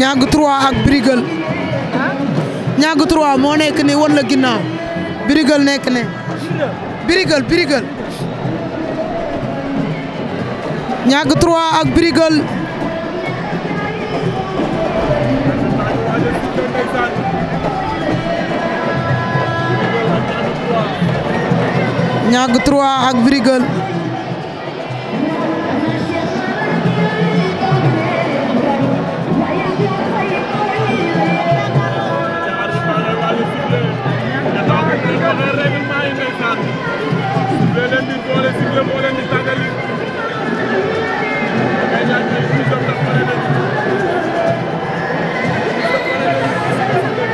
ñàgg 3 ak Brigal ñàgg 3 moo nekk ni wan la ginnaaw Brigal nekk ne Brigal Brigal ñàgg 3 ak Brigal ñàgg 3 ak Brigal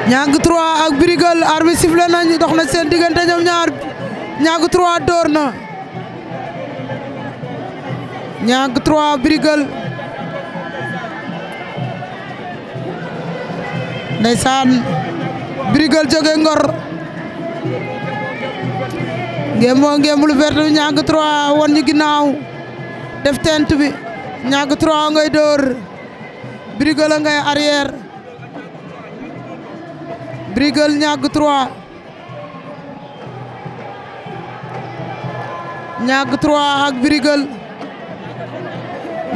Niang 3 ak Brigal arbitre sifflé nañu dox na seen diggante ñoom ñaar Niang 3 door na Niang 3 Brigal ndeysaan Brigal jóge Ngor ngeen moo ngeen lu vert bi Niang 3 won ñu ginnaaw def tent bi Niang 3 ngay door Brigal ngay arrière Brigeul ñàgg 3 ñàgg 3 ak Brigeul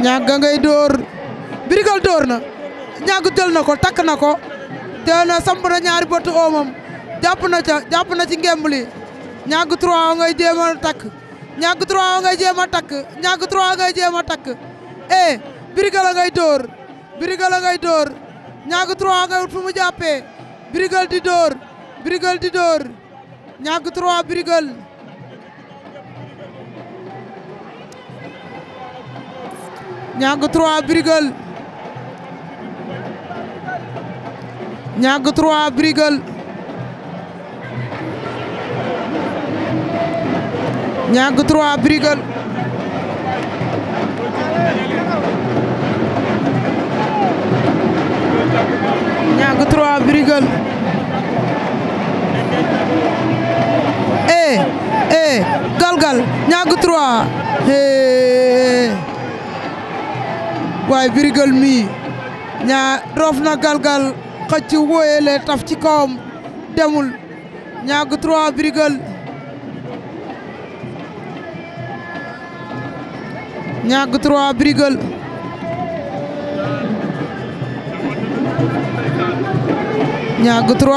ñàgg ngay dóor Brigeul dóor na ñàgg jël na ko takk na ko teel na samp na ñaari bëtu oomam jàpp na ca jàpp na ci ngemb li ñàgg 3 ngay jéem a takk ñàgg 3 ngay jéem a takk ñàgg 3 a takk eh ngay dóor Brigeul ngay dóor ñàgg 3 ngay wut fu mu jàppee. Brigeul di dóor Brigeul di dóor ñàkk 3 Brigeul ñàkk 3 Brigeul ndigal eh, eh galgal ñaagu trois eh waaye Birigel mi ñaa roof galgal xëcc wóoyele taf ci kawam demul ñaagu trois Birigel ñaagu ñàgg 3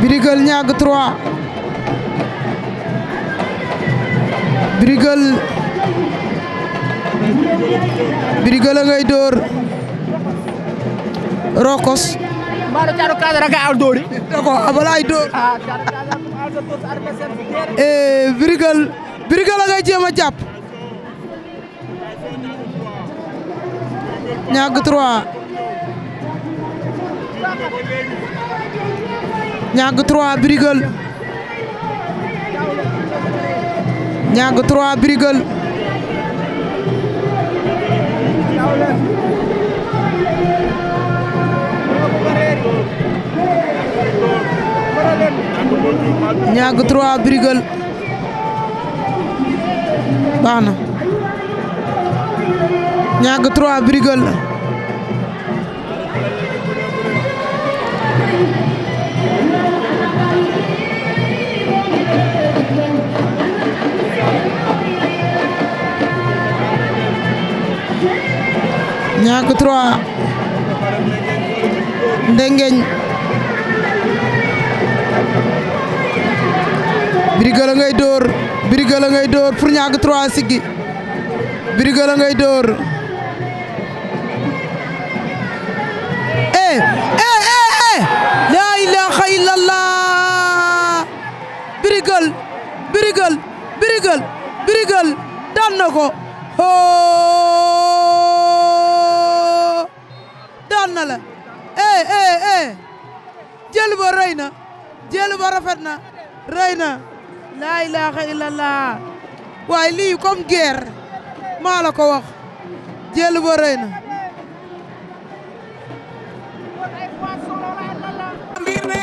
Brigeul Brigeul ñàgg 3 Brigeul Brigeul a ngay dóor Rokos mbaaro caaro kadara ka al dóori dako abalaay dóor e Brigeul Brigeul a ngay ñàng 3 Brigeul ñàng 3 Brigeul ñàng 3 Brigeul baax na ñàng 3 Brigeul ñaak 3 ndengeñ Brigeul a ngay door Brigeul a ngay dóor pour ñaak 3 siggi Brigeul a ngay dóor eh eh eh, eh. la ilaha illallah Brigeul Brigeul Brigeul Brigeul daan eh eh, eh. rëy na jël ba rafet na rëy na laa ilaaha illallah waaye lii comme guerre maa la ko wax jël ba rëy na